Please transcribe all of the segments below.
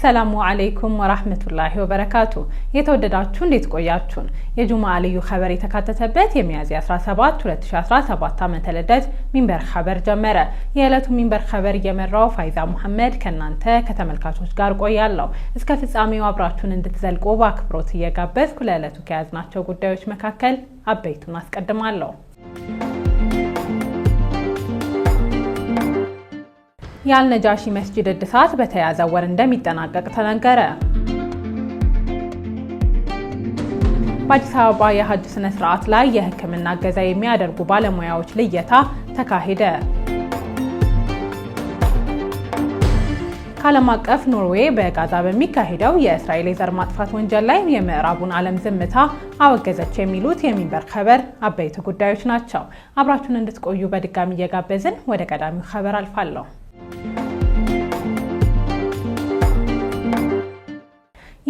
አሰላሙ አለይኩም ወራህመቱላሂ ወበረካቱ። የተወደዳችሁ እንዴት ቆያችሁን? የጁምዓ ልዩ ኸበር የተካተተበት የሚያዝያ 17 2017 ዓመተ ልደት ሚንበር ኸበር ጀመረ። የዕለቱ ሚንበር ኸበር እየመራው ፋይዛ ሙሐመድ ከእናንተ ከተመልካቾች ጋር ቆያለሁ። እስከ ፍጻሜው አብራችሁን እንድትዘልቁ በአክብሮት እየጋበዝኩ ለዕለቱ ከያዝናቸው ጉዳዮች መካከል አበይቱን አስቀድማለሁ። የአልነጃሺ መስጂድ እድሳት በተያዘ ወር እንደሚጠናቀቅ ተነገረ። በአዲስ አበባ የሀጅ ስነ ስርዓት ላይ የሕክምና እገዛ የሚያደርጉ ባለሙያዎች ልየታ ተካሄደ። ከዓለም አቀፍ ኖርዌይ በጋዛ በሚካሄደው የእስራኤል የዘር ማጥፋት ወንጀል ላይ የምዕራቡን ዓለም ዝምታ አወገዘች የሚሉት የሚንበር ከበር አበይት ጉዳዮች ናቸው። አብራችሁን እንድትቆዩ በድጋሚ እየጋበዝን ወደ ቀዳሚው ኸበር አልፋለሁ።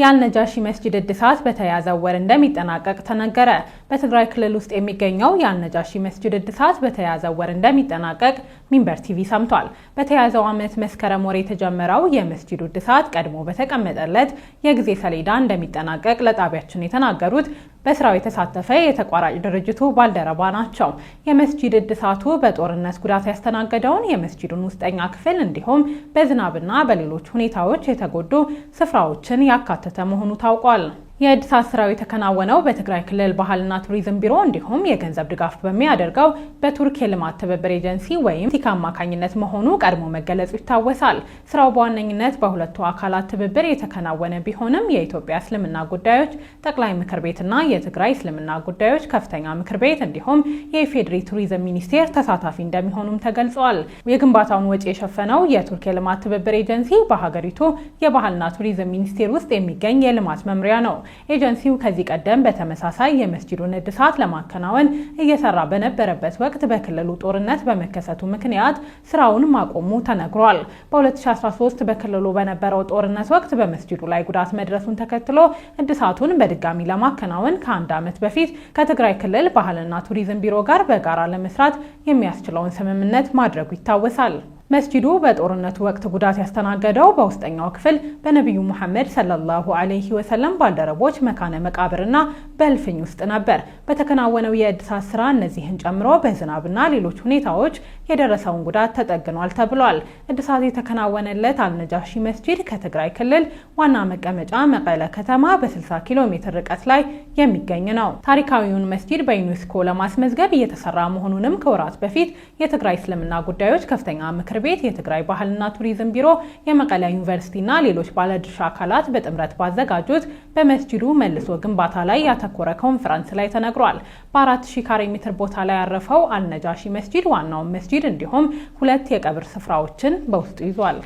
የአልነጃሺ መስጂድ እድሳት በተያዘው ወር እንደሚጠናቀቅ ተነገረ። በትግራይ ክልል ውስጥ የሚገኘው የአልነጃሺ መስጂድ እድሳት በተያዘው ወር እንደሚጠናቀቅ ሚንበር ቲቪ ሰምቷል። በተያዘው ዓመት መስከረም ወር የተጀመረው የመስጂዱ እድሳት ቀድሞ በተቀመጠለት የጊዜ ሰሌዳ እንደሚጠናቀቅ ለጣቢያችን የተናገሩት በስራው የተሳተፈ የተቋራጭ ድርጅቱ ባልደረባ ናቸው። የመስጂድ እድሳቱ በጦርነት ጉዳት ያስተናገደውን የመስጂዱን ውስጠኛ ክፍል እንዲሁም በዝናብና በሌሎች ሁኔታዎች የተጎዱ ስፍራዎችን ያካተተ መሆኑ ታውቋል። የእድሳት ስራው የተከናወነው በትግራይ ክልል ባህልና ቱሪዝም ቢሮ እንዲሁም የገንዘብ ድጋፍ በሚያደርገው በቱርክ የልማት ትብብር ኤጀንሲ ወይም ቲካ አማካኝነት መሆኑ ቀድሞ መገለጹ ይታወሳል። ስራው በዋነኝነት በሁለቱ አካላት ትብብር የተከናወነ ቢሆንም የኢትዮጵያ እስልምና ጉዳዮች ጠቅላይ ምክር ቤትና የትግራይ እስልምና ጉዳዮች ከፍተኛ ምክር ቤት እንዲሁም የኢፌዴሪ ቱሪዝም ሚኒስቴር ተሳታፊ እንደሚሆኑም ተገልጿል። የግንባታውን ወጪ የሸፈነው የቱርክ የልማት ትብብር ኤጀንሲ በሀገሪቱ የባህልና ቱሪዝም ሚኒስቴር ውስጥ የሚገኝ የልማት መምሪያ ነው። ኤጀንሲው ከዚህ ቀደም በተመሳሳይ የመስጂዱን እድሳት ለማከናወን እየሰራ በነበረበት ወቅት በክልሉ ጦርነት በመከሰቱ ምክንያት ስራውን ማቆሙ ተነግሯል። በ2013 በክልሉ በነበረው ጦርነት ወቅት በመስጂዱ ላይ ጉዳት መድረሱን ተከትሎ እድሳቱን በድጋሚ ለማከናወን ከአንድ ዓመት በፊት ከትግራይ ክልል ባህልና ቱሪዝም ቢሮ ጋር በጋራ ለመስራት የሚያስችለውን ስምምነት ማድረጉ ይታወሳል። መስጂዱ በጦርነቱ ወቅት ጉዳት ያስተናገደው በውስጠኛው ክፍል በነቢዩ ሙሐመድ ሰለላሁ ዐለይሂ ወሰለም ባልደረቦች መካነ መቃብርና በእልፍኝ ውስጥ ነበር። በተከናወነው የእድሳት ስራ እነዚህን ጨምሮ በዝናብና ሌሎች ሁኔታዎች የደረሰውን ጉዳት ተጠግኗል ተብሏል። እድሳት የተከናወነለት አልነጃሺ መስጂድ ከትግራይ ክልል ዋና መቀመጫ መቀለ ከተማ በ60 ኪሎ ሜትር ርቀት ላይ የሚገኝ ነው። ታሪካዊውን መስጂድ በዩኔስኮ ለማስመዝገብ እየተሰራ መሆኑንም ከወራት በፊት የትግራይ እስልምና ጉዳዮች ከፍተኛ ምክር ቤት፣ የትግራይ ባህልና ቱሪዝም ቢሮ፣ የመቀለ ዩኒቨርሲቲና ሌሎች ባለድርሻ አካላት በጥምረት ባዘጋጁት በመስጂዱ መልሶ ግንባታ ላይ ያተኮረ ኮንፈረንስ ላይ ተነግሯል። በአራት ሺ ካሬ ሜትር ቦታ ላይ ያረፈው አልነጃሺ መስጂድ ዋናውን መስጂድ እንዲሁም ሁለት የቀብር ስፍራዎችን በውስጡ ይዟል።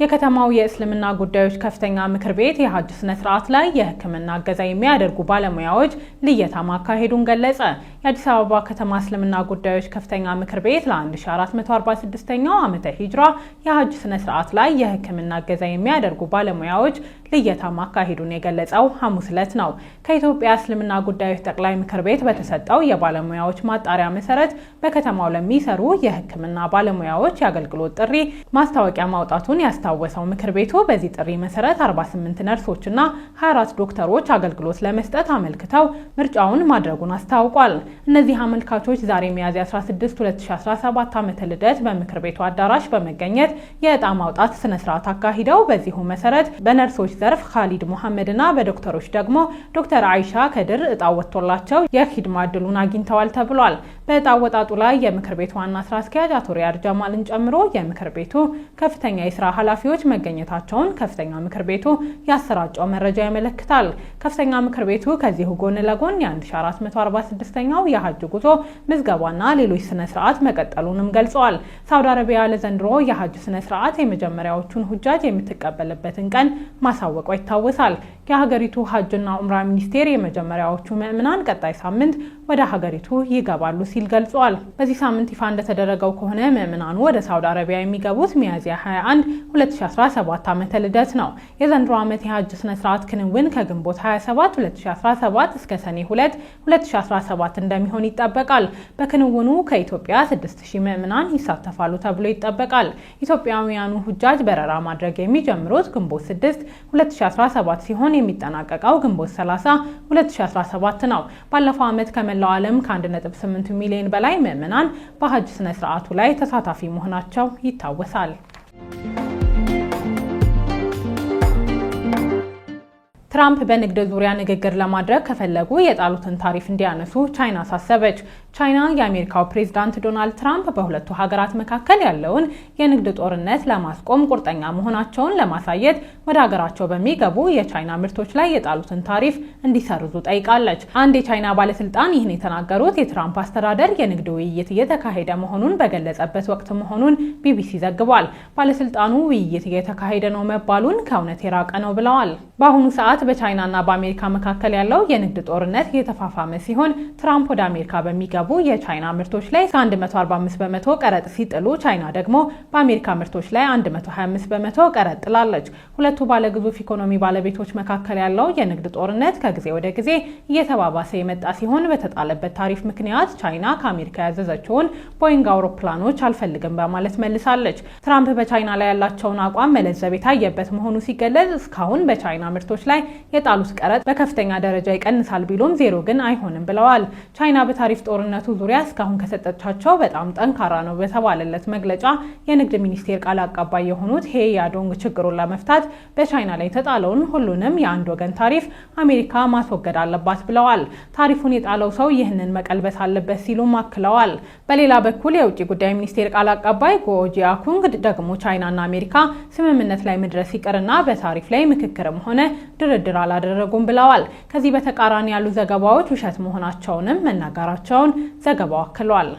የከተማው የእስልምና ጉዳዮች ከፍተኛ ምክር ቤት የሀጅ ስነ ስርዓት ላይ የሕክምና እገዛ የሚያደርጉ ባለሙያዎች ልየታ ማካሄዱን ገለጸ። የአዲስ አበባ ከተማ እስልምና ጉዳዮች ከፍተኛ ምክር ቤት ለ1446ኛው ዓመተ ሂጅራ የሀጅ ስነ ስርዓት ላይ የሕክምና እገዛ የሚያደርጉ ባለሙያዎች ልየታ ማካሄዱን የገለጸው ሐሙስ ዕለት ነው። ከኢትዮጵያ እስልምና ጉዳዮች ጠቅላይ ምክር ቤት በተሰጠው የባለሙያዎች ማጣሪያ መሰረት በከተማው ለሚሰሩ የሕክምና ባለሙያዎች የአገልግሎት ጥሪ ማስታወቂያ ማውጣቱን ያስታወሰው ምክር ቤቱ በዚህ ጥሪ መሰረት 48 ነርሶችና 24 ዶክተሮች አገልግሎት ለመስጠት አመልክተው ምርጫውን ማድረጉን አስታውቋል። እነዚህ አመልካቾች ዛሬ ሚያዝያ 16 2017 ዓመተ ልደት በምክር ቤቱ አዳራሽ በመገኘት የዕጣ ማውጣት ስነስርዓት አካሂደው በዚሁ መሰረት በነርሶች ዘርፍ ካሊድ ሙሐመድ እና በዶክተሮች ደግሞ ዶክተር አይሻ ከድር እጣ ወጥቶላቸው የሂድማ እድሉን አግኝተዋል ተብሏል። በእጣ ወጣጡ ላይ የምክር ቤቱ ዋና ስራ አስኪያጅ አቶ ሪያድ ጀማልን ጨምሮ የምክር ቤቱ ከፍተኛ የስራ ኃላፊዎች መገኘታቸውን ከፍተኛ ምክር ቤቱ ያሰራጨው መረጃ ያመለክታል። ከፍተኛ ምክር ቤቱ ከዚሁ ጎን ለጎን የ1446ኛው የሀጅ ጉዞ ምዝገባና ሌሎች ስነ ስርዓት መቀጠሉንም ገልጸዋል። ሳውዲ አረቢያ ለዘንድሮ የሀጅ ስነ ስርዓት የመጀመሪያዎቹን ሁጃጅ የምትቀበልበትን ቀን ማሳ ማሳወቋ ይታወሳል። የሀገሪቱ ሀጅና ኡምራ ሚኒስቴር የመጀመሪያዎቹ ምዕምናን ቀጣይ ሳምንት ወደ ሀገሪቱ ይገባሉ ሲል ገልጿል። በዚህ ሳምንት ይፋ እንደተደረገው ከሆነ ምዕምናኑ ወደ ሳውዲ አረቢያ የሚገቡት ሚያዝያ 21 2017 ዓመተ ልደት ነው። የዘንድሮ ዓመት የሀጅ ስነ ስርዓት ክንውን ከግንቦት 27 2017 እስከ ሰኔ 2 2017 እንደሚሆን ይጠበቃል። በክንውኑ ከኢትዮጵያ 6000 ምዕምናን ይሳተፋሉ ተብሎ ይጠበቃል። ኢትዮጵያውያኑ ሁጃጅ በረራ ማድረግ የሚጀምሩት ግንቦት 6 2017 ሲሆን የሚጠናቀቀው ግንቦት 30 2017 ነው። ባለፈው ዓመት ከመ ከመላው ዓለም ከ1.8 ሚሊዮን በላይ ምዕመናን በሀጅ ስነ ስርዓቱ ላይ ተሳታፊ መሆናቸው ይታወሳል። ትራምፕ በንግድ ዙሪያ ንግግር ለማድረግ ከፈለጉ የጣሉትን ታሪፍ እንዲያነሱ ቻይና አሳሰበች። ቻይና የአሜሪካው ፕሬዝዳንት ዶናልድ ትራምፕ በሁለቱ ሀገራት መካከል ያለውን የንግድ ጦርነት ለማስቆም ቁርጠኛ መሆናቸውን ለማሳየት ወደ ሀገራቸው በሚገቡ የቻይና ምርቶች ላይ የጣሉትን ታሪፍ እንዲሰርዙ ጠይቃለች። አንድ የቻይና ባለስልጣን ይህን የተናገሩት የትራምፕ አስተዳደር የንግድ ውይይት እየተካሄደ መሆኑን በገለጸበት ወቅት መሆኑን ቢቢሲ ዘግቧል። ባለስልጣኑ ውይይት እየተካሄደ ነው መባሉን ከእውነት የራቀ ነው ብለዋል። በአሁኑ ሰዓት ወራት በቻይናና በአሜሪካ መካከል ያለው የንግድ ጦርነት እየተፋፋመ ሲሆን ትራምፕ ወደ አሜሪካ በሚገቡ የቻይና ምርቶች ላይ እስከ 145 በመቶ ቀረጥ ሲጥሉ ቻይና ደግሞ በአሜሪካ ምርቶች ላይ 125 በመቶ ቀረጥ ጥላለች። ሁለቱ ባለግዙፍ ኢኮኖሚ ባለቤቶች መካከል ያለው የንግድ ጦርነት ከጊዜ ወደ ጊዜ እየተባባሰ የመጣ ሲሆን በተጣለበት ታሪፍ ምክንያት ቻይና ከአሜሪካ ያዘዘችውን ቦይንግ አውሮፕላኖች አልፈልግም በማለት መልሳለች። ትራምፕ በቻይና ላይ ያላቸውን አቋም መለዘብ የታየበት መሆኑ ሲገለጽ እስካሁን በቻይና ምርቶች ላይ የጣሉት ቀረጥ በከፍተኛ ደረጃ ይቀንሳል ቢሉም ዜሮ ግን አይሆንም ብለዋል። ቻይና በታሪፍ ጦርነቱ ዙሪያ እስካሁን ከሰጠቻቸው በጣም ጠንካራ ነው በተባለለት መግለጫ የንግድ ሚኒስቴር ቃል አቀባይ የሆኑት ሄ ያዶንግ ችግሩን ለመፍታት በቻይና ላይ የተጣለውን ሁሉንም የአንድ ወገን ታሪፍ አሜሪካ ማስወገድ አለባት ብለዋል። ታሪፉን የጣለው ሰው ይህንን መቀልበስ አለበት ሲሉም አክለዋል። በሌላ በኩል የውጭ ጉዳይ ሚኒስቴር ቃል አቀባይ ጎጂያ ኩንግ ደግሞ ቻይናና አሜሪካ ስምምነት ላይ መድረስ ይቅርና በታሪፍ ላይ ምክክርም ሆነ ድር ድርድር አላደረጉም ብለዋል። ከዚህ በተቃራኒ ያሉ ዘገባዎች ውሸት መሆናቸውንም መናገራቸውን ዘገባው አክሏል።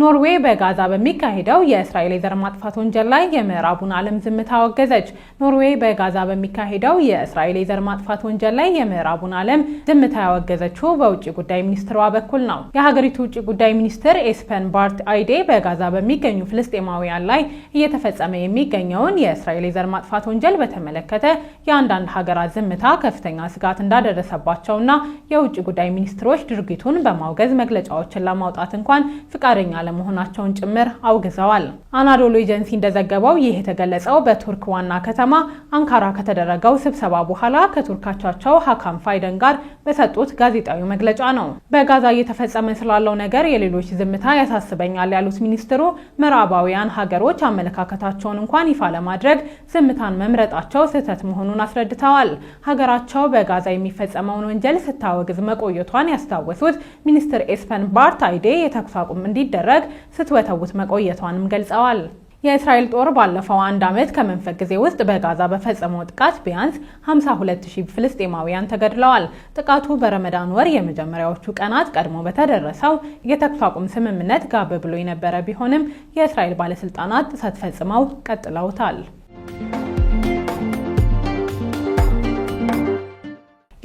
ኖርዌይ በጋዛ በሚካሄደው የእስራኤል የዘር ማጥፋት ወንጀል ላይ የምዕራቡን ዓለም ዝምታ አወገዘች። ኖርዌይ በጋዛ በሚካሄደው የእስራኤል የዘር ማጥፋት ወንጀል ላይ የምዕራቡን ዓለም ዝምታ ያወገዘችው በውጭ ጉዳይ ሚኒስትሯ በኩል ነው። የሀገሪቱ ውጭ ጉዳይ ሚኒስትር ኤስፐን ባርት አይዴ በጋዛ በሚገኙ ፍልስጤማውያን ላይ እየተፈጸመ የሚገኘውን የእስራኤል የዘር ማጥፋት ወንጀል በተመለከተ የአንዳንድ ሀገራት ዝምታ ከፍተኛ ስጋት እንዳደረሰባቸውና የውጭ ጉዳይ ሚኒስትሮች ድርጊቱን በማውገዝ መግለጫዎችን ለማውጣት እንኳን ፍቃደኛ አለመሆናቸውን ጭምር አውግዘዋል። አናዶሎ ኤጀንሲ እንደዘገበው ይህ የተገለጸው በቱርክ ዋና ከተማ አንካራ ከተደረገው ስብሰባ በኋላ ከቱርክ አቻቸው ሀካም ፋይደን ጋር በሰጡት ጋዜጣዊ መግለጫ ነው። በጋዛ እየተፈጸመ ስላለው ነገር የሌሎች ዝምታ ያሳስበኛል ያሉት ሚኒስትሩ ምዕራባውያን ሀገሮች አመለካከታቸውን እንኳን ይፋ ለማድረግ ዝምታን መምረጣቸው ስህተት መሆኑን አስረድተዋል። ሀገራቸው በጋዛ የሚፈጸመውን ወንጀል ስታወግዝ መቆየቷን ያስታወሱት ሚኒስትር ኤስፐን ባርት አይዴ የተኩስ አቁም እንዲደረግ ለማድረግ ስትወተውት መቆየቷንም ገልጸዋል። የእስራኤል ጦር ባለፈው አንድ ዓመት ከመንፈቅ ጊዜ ውስጥ በጋዛ በፈጸመው ጥቃት ቢያንስ 52000 ፍልስጤማውያን ተገድለዋል። ጥቃቱ በረመዳን ወር የመጀመሪያዎቹ ቀናት ቀድሞ በተደረሰው የተኩስ አቁም ስምምነት ጋብ ብሎ የነበረ ቢሆንም የእስራኤል ባለስልጣናት ጥሰት ፈጽመው ቀጥለውታል።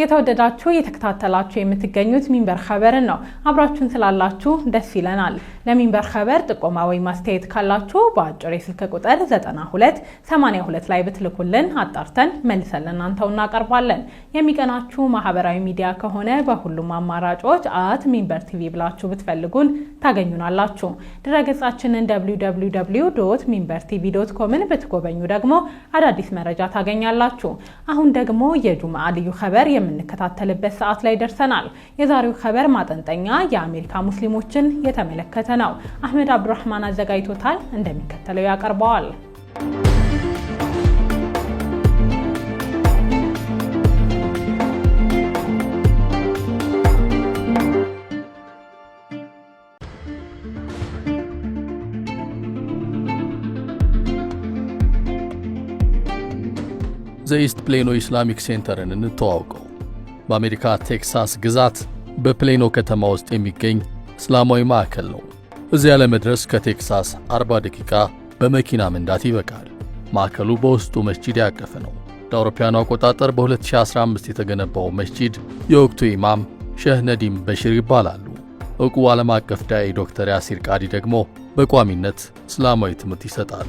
የተወደዳችሁ እየተከታተላችሁ የምትገኙት ሚንበር ኸበርን ነው። አብራችሁን ስላላችሁ ደስ ይለናል። ለሚንበር ኸበር ጥቆማ ወይም አስተያየት ካላችሁ በአጭር የስልክ ቁጥር 9282 ላይ ብትልኩልን አጣርተን መልሰን ለእናንተው እናቀርባለን። የሚቀናችሁ ማህበራዊ ሚዲያ ከሆነ በሁሉም አማራጮች አት ሚንበር ቲቪ ብላችሁ ብትፈልጉን ታገኙናላችሁ። ድረገጻችንን www ዶት ሚንበር ቲቪ ዶት ኮምን ብትጎበኙ ደግሞ አዳዲስ መረጃ ታገኛላችሁ። አሁን ደግሞ የጁምአ ልዩ ኸበር የምንከታተልበት ሰዓት ላይ ደርሰናል። የዛሬው ኸበር ማጠንጠኛ የአሜሪካ ሙስሊሞችን የተመለከተ ነው። አህመድ አብዱራህማን አዘጋጅቶታል፣ እንደሚከተለው ያቀርበዋል። ዘኢስት ፕሌኖ ኢስላሚክ ሴንተርን እንተዋውቀው። በአሜሪካ ቴክሳስ ግዛት በፕሌኖ ከተማ ውስጥ የሚገኝ እስላማዊ ማዕከል ነው። እዚያ ለመድረስ ከቴክሳስ 40 ደቂቃ በመኪና መንዳት ይበቃል። ማዕከሉ በውስጡ መስጂድ ያቀፈ ነው። ለአውሮፓውያኑ አቆጣጠር በ2015 የተገነባው መስጂድ የወቅቱ ኢማም ሼህ ነዲም በሽር ይባላሉ። ዕውቁ ዓለም አቀፍ ዳዒ ዶክተር ያሲር ቃዲ ደግሞ በቋሚነት እስላማዊ ትምህርት ይሰጣሉ።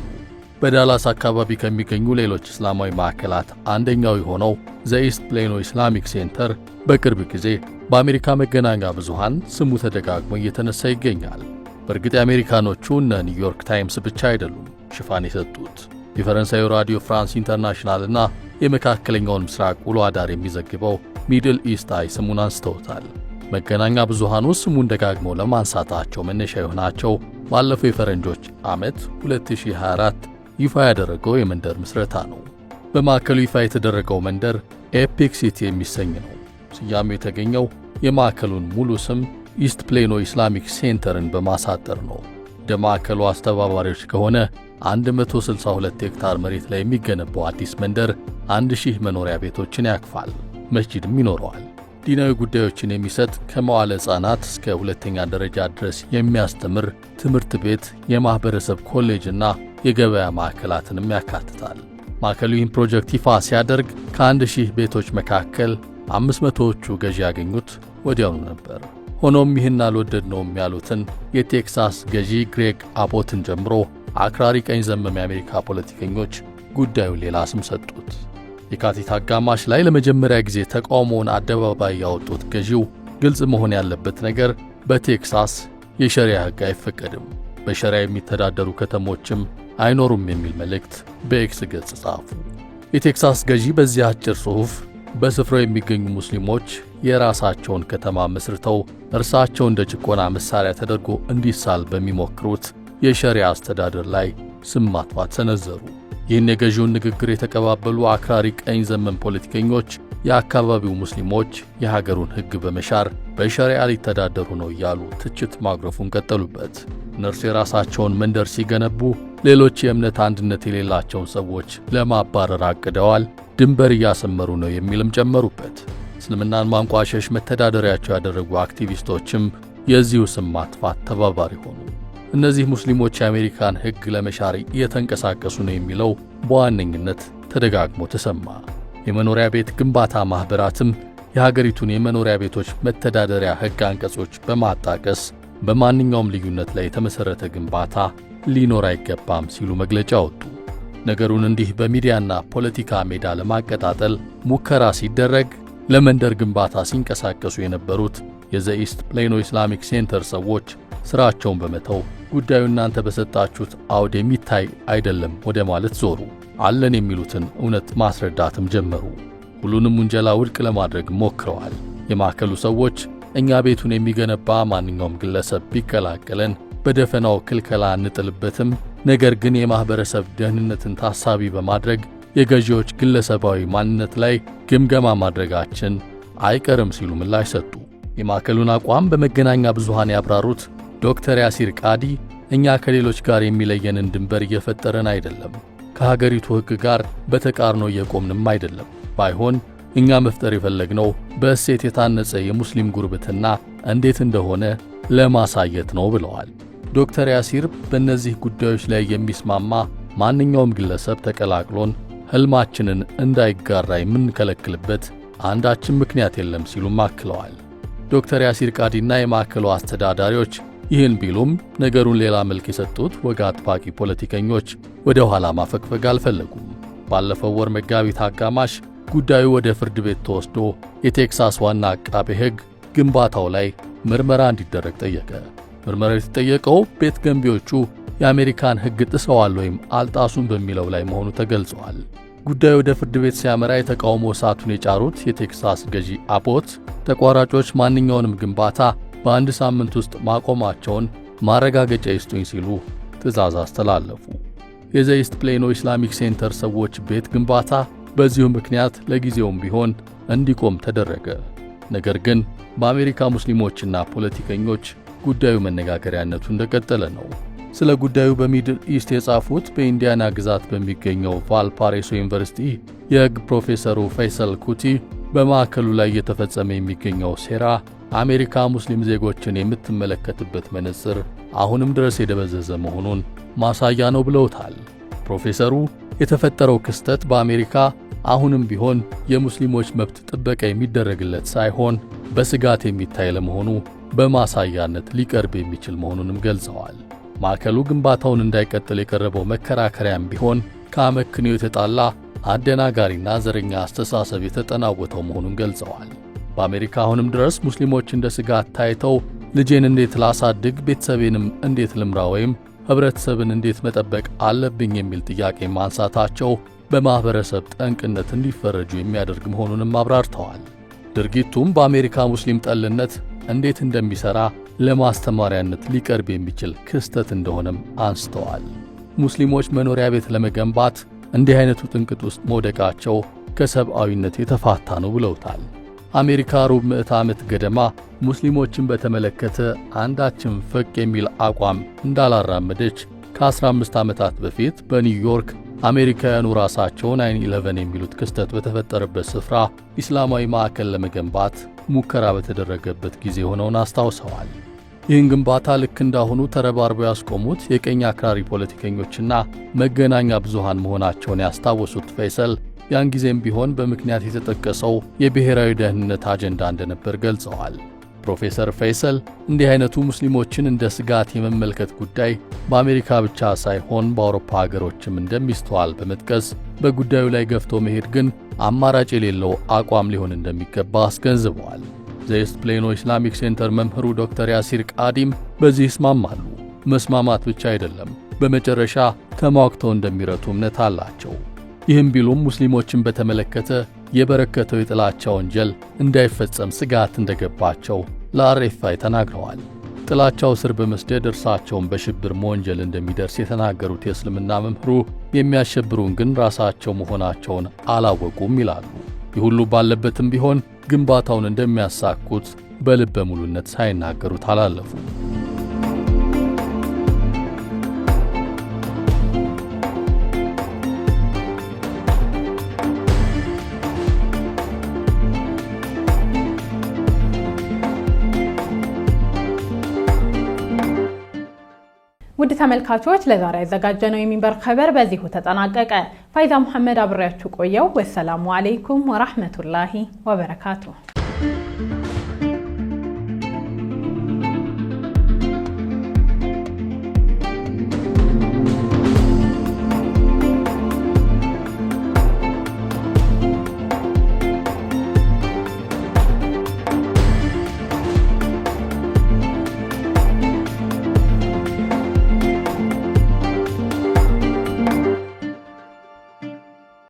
በዳላስ አካባቢ ከሚገኙ ሌሎች እስላማዊ ማዕከላት አንደኛው የሆነው ዘኢስት ፕሌኖ ኢስላሚክ ሴንተር በቅርብ ጊዜ በአሜሪካ መገናኛ ብዙሃን ስሙ ተደጋግሞ እየተነሳ ይገኛል። በእርግጥ የአሜሪካኖቹ እነ ኒውዮርክ ታይምስ ብቻ አይደሉም ሽፋን የሰጡት። የፈረንሳዩ ራዲዮ ፍራንስ ኢንተርናሽናልና የመካከለኛውን ምስራቅ ውሎ አዳር የሚዘግበው ሚድል ኢስት አይ ስሙን አንስተውታል። መገናኛ ብዙሃኑ ስሙን ደጋግመው ለማንሳታቸው መነሻ የሆናቸው ባለፈው የፈረንጆች ዓመት 2024 ይፋ ያደረገው የመንደር ምስረታ ነው። በማዕከሉ ይፋ የተደረገው መንደር ኤፒክ ሲቲ የሚሰኝ ነው። ስያሜው የተገኘው የማዕከሉን ሙሉ ስም ኢስት ፕሌኖ ኢስላሚክ ሴንተርን በማሳጠር ነው። እንደ ማዕከሉ አስተባባሪዎች ከሆነ 162 ሄክታር መሬት ላይ የሚገነባው አዲስ መንደር 1000 መኖሪያ ቤቶችን ያክፋል። መስጂድም ይኖረዋል። ዲናዊ ጉዳዮችን የሚሰጥ ከመዋለ ሕፃናት እስከ ሁለተኛ ደረጃ ድረስ የሚያስተምር ትምህርት ቤት፣ የማኅበረሰብ ኮሌጅና የገበያ ማዕከላትንም ያካትታል። ማዕከሉ ይህን ፕሮጀክት ይፋ ሲያደርግ ከአንድ ሺህ ቤቶች መካከል አምስት መቶዎቹ ገዢ ያገኙት ወዲያውኑ ነበር። ሆኖም ይህን አልወደድነውም ያሉትን የቴክሳስ ገዢ ግሬግ አቦትን ጀምሮ አክራሪ ቀኝ ዘመም የአሜሪካ ፖለቲከኞች ጉዳዩ ሌላ ስም ሰጡት። የካቲት አጋማሽ ላይ ለመጀመሪያ ጊዜ ተቃውሞውን አደባባይ ያወጡት ገዢው ግልጽ መሆን ያለበት ነገር በቴክሳስ የሸሪያ ሕግ አይፈቀድም፣ በሸሪያ የሚተዳደሩ ከተሞችም አይኖሩም የሚል መልእክት በኤክስ ገጽ ጻፉ። የቴክሳስ ገዢ በዚህ አጭር ጽሑፍ በስፍራው የሚገኙ ሙስሊሞች የራሳቸውን ከተማ መስርተው እርሳቸው እንደ ጭቆና መሳሪያ ተደርጎ እንዲሳል በሚሞክሩት የሸሪያ አስተዳደር ላይ ስም ማጥፋት ሰነዘሩ። ይህን የገዢውን ንግግር የተቀባበሉ አክራሪ ቀኝ ዘመን ፖለቲከኞች የአካባቢው ሙስሊሞች የሀገሩን ሕግ በመሻር በሸሪያ ሊተዳደሩ ነው እያሉ ትችት ማጉረፉን ቀጠሉበት። እነርሱ የራሳቸውን መንደር ሲገነቡ ሌሎች የእምነት አንድነት የሌላቸውን ሰዎች ለማባረር አቅደዋል፣ ድንበር እያሰመሩ ነው የሚልም ጨመሩበት። እስልምናን ማንቋሸሽ መተዳደሪያቸው ያደረጉ አክቲቪስቶችም የዚሁ ስም ማጥፋት ተባባሪ ሆኑ። እነዚህ ሙስሊሞች የአሜሪካን ሕግ ለመሻር እየተንቀሳቀሱ ነው የሚለው በዋነኝነት ተደጋግሞ ተሰማ። የመኖሪያ ቤት ግንባታ ማኅበራትም የሀገሪቱን የመኖሪያ ቤቶች መተዳደሪያ ሕግ አንቀጾች በማጣቀስ በማንኛውም ልዩነት ላይ የተመሠረተ ግንባታ ሊኖር አይገባም ሲሉ መግለጫ ወጡ። ነገሩን እንዲህ በሚዲያና ፖለቲካ ሜዳ ለማቀጣጠል ሙከራ ሲደረግ ለመንደር ግንባታ ሲንቀሳቀሱ የነበሩት የዘኢስት ፕሌኖ ኢስላሚክ ሴንተር ሰዎች ሥራቸውን በመተው ጉዳዩ እናንተ በሰጣችሁት አውድ የሚታይ አይደለም ወደ ማለት ዞሩ። አለን የሚሉትን እውነት ማስረዳትም ጀመሩ። ሁሉንም ውንጀላ ውድቅ ለማድረግ ሞክረዋል። የማዕከሉ ሰዎች እኛ ቤቱን የሚገነባ ማንኛውም ግለሰብ ቢቀላቀለን በደፈናው ክልከላ አንጥልበትም፣ ነገር ግን የማኅበረሰብ ደህንነትን ታሳቢ በማድረግ የገዢዎች ግለሰባዊ ማንነት ላይ ግምገማ ማድረጋችን አይቀርም ሲሉ ምላሽ ሰጡ። የማዕከሉን አቋም በመገናኛ ብዙሃን ያብራሩት ዶክተር ያሲር ቃዲ እኛ ከሌሎች ጋር የሚለየንን ድንበር እየፈጠረን አይደለም፣ ከሀገሪቱ ሕግ ጋር በተቃርኖ እየቆምንም አይደለም። ባይሆን እኛ መፍጠር የፈለግነው በእሴት የታነጸ የሙስሊም ጉርብትና እንዴት እንደሆነ ለማሳየት ነው ብለዋል። ዶክተር ያሲር በእነዚህ ጉዳዮች ላይ የሚስማማ ማንኛውም ግለሰብ ተቀላቅሎን ሕልማችንን እንዳይጋራ የምንከለክልበት አንዳችን ምክንያት የለም ሲሉም አክለዋል። ዶክተር ያሲር ቃዲና የማዕከሉ አስተዳዳሪዎች ይህን ቢሉም ነገሩን ሌላ መልክ የሰጡት ወግ አጥባቂ ፖለቲከኞች ወደ ኋላ ማፈግፈግ አልፈለጉም። ባለፈው ወር መጋቢት አጋማሽ ጉዳዩ ወደ ፍርድ ቤት ተወስዶ የቴክሳስ ዋና አቃቤ ሕግ ግንባታው ላይ ምርመራ እንዲደረግ ጠየቀ። ምርመራው የተጠየቀው ቤት ገንቢዎቹ የአሜሪካን ሕግ ጥሰዋል ወይም አልጣሱም በሚለው ላይ መሆኑ ተገልጿል። ጉዳዩ ወደ ፍርድ ቤት ሲያመራ የተቃውሞ እሳቱን የጫሩት የቴክሳስ ገዢ አቦት ተቋራጮች ማንኛውንም ግንባታ በአንድ ሳምንት ውስጥ ማቆማቸውን ማረጋገጫ ይስጡኝ ሲሉ ትዕዛዝ አስተላለፉ። የዘይስት ፕሌኖ ኢስላሚክ ሴንተር ሰዎች ቤት ግንባታ በዚሁ ምክንያት ለጊዜውም ቢሆን እንዲቆም ተደረገ። ነገር ግን በአሜሪካ ሙስሊሞችና ፖለቲከኞች ጉዳዩ መነጋገሪያነቱ እንደቀጠለ ነው። ስለ ጉዳዩ በሚድል ኢስት የጻፉት በኢንዲያና ግዛት በሚገኘው ቫልፓሬሶ ዩኒቨርሲቲ የሕግ ፕሮፌሰሩ ፈይሰል ኩቲ በማዕከሉ ላይ እየተፈጸመ የሚገኘው ሴራ አሜሪካ ሙስሊም ዜጎችን የምትመለከትበት መነጽር አሁንም ድረስ የደበዘዘ መሆኑን ማሳያ ነው ብለውታል። ፕሮፌሰሩ የተፈጠረው ክስተት በአሜሪካ አሁንም ቢሆን የሙስሊሞች መብት ጥበቃ የሚደረግለት ሳይሆን በስጋት የሚታይ ለመሆኑ በማሳያነት ሊቀርብ የሚችል መሆኑንም ገልጸዋል። ማዕከሉ ግንባታውን እንዳይቀጥል የቀረበው መከራከሪያም ቢሆን ከአመክንዮ የተጣላ አደናጋሪና ዘረኛ አስተሳሰብ የተጠናወተው መሆኑን ገልጸዋል። በአሜሪካ አሁንም ድረስ ሙስሊሞች እንደ ስጋት ታይተው ልጄን እንዴት ላሳድግ፣ ቤተሰቤንም እንዴት ልምራ፣ ወይም ኅብረተሰብን እንዴት መጠበቅ አለብኝ የሚል ጥያቄ ማንሳታቸው በማኅበረሰብ ጠንቅነት እንዲፈረጁ የሚያደርግ መሆኑንም አብራርተዋል። ድርጊቱም በአሜሪካ ሙስሊም ጠልነት እንዴት እንደሚሠራ ለማስተማሪያነት ሊቀርብ የሚችል ክስተት እንደሆነም አንስተዋል። ሙስሊሞች መኖሪያ ቤት ለመገንባት እንዲህ አይነቱ ጥንቅጥ ውስጥ መውደቃቸው ከሰብአዊነት የተፋታ ነው ብለውታል። አሜሪካ ሩብ ምዕተ ዓመት ገደማ ሙስሊሞችን በተመለከተ አንዳችን ፈቅ የሚል አቋም እንዳላራመደች ከ15 ዓመታት በፊት በኒውዮርክ አሜሪካውያኑ ራሳቸውን ናይን ኢለቨን የሚሉት ክስተት በተፈጠረበት ስፍራ ኢስላማዊ ማዕከል ለመገንባት ሙከራ በተደረገበት ጊዜ ሆነውን አስታውሰዋል። ይህን ግንባታ ልክ እንዳሁኑ ተረባርበው ያስቆሙት የቀኝ አክራሪ ፖለቲከኞችና መገናኛ ብዙሃን መሆናቸውን ያስታወሱት ፈይሰል ያን ጊዜም ቢሆን በምክንያት የተጠቀሰው የብሔራዊ ደህንነት አጀንዳ እንደነበር ገልጸዋል። ፕሮፌሰር ፈይሰል እንዲህ አይነቱ ሙስሊሞችን እንደ ስጋት የመመልከት ጉዳይ በአሜሪካ ብቻ ሳይሆን በአውሮፓ ሀገሮችም እንደሚስተዋል በመጥቀስ በጉዳዩ ላይ ገፍቶ መሄድ ግን አማራጭ የሌለው አቋም ሊሆን እንደሚገባ አስገንዝበዋል። ዘኢስት ፕሌኖ ኢስላሚክ ሴንተር መምህሩ ዶክተር ያሲር ቃዲም በዚህ ይስማማሉ። መስማማት ብቻ አይደለም፣ በመጨረሻ ተሟግተው እንደሚረቱ እምነት አላቸው። ይህም ቢሉም ሙስሊሞችን በተመለከተ የበረከተው የጥላቻ ወንጀል እንዳይፈጸም ስጋት እንደገባቸው ለአሬፋይ ተናግረዋል። ጥላቻው ስር በመስደድ እርሳቸውን በሽብር መወንጀል እንደሚደርስ የተናገሩት የእስልምና መምህሩ የሚያሸብሩን ግን ራሳቸው መሆናቸውን አላወቁም ይላሉ። ይህ ሁሉ ባለበትም ቢሆን ግንባታውን እንደሚያሳኩት በልበ ሙሉነት ሳይናገሩት አላለፉም። ተመልካቾች ለዛሬ ያዘጋጀነው የሚንበር ኸበር በዚሁ ተጠናቀቀ። ፋይዛ ሙሐመድ አብሬያችሁ ቆየው። ወሰላሙ አሌይኩም ወራህመቱላሂ ወበረካቱ።